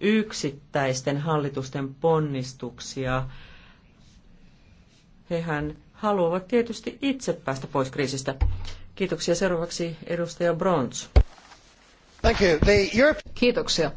yksittäisten hallitusten ponnistuksia. Hehän haluavat tietysti itse päästä pois kriisistä. Kiitoksia. Seuraavaksi edustaja Brons. Kiitoksia.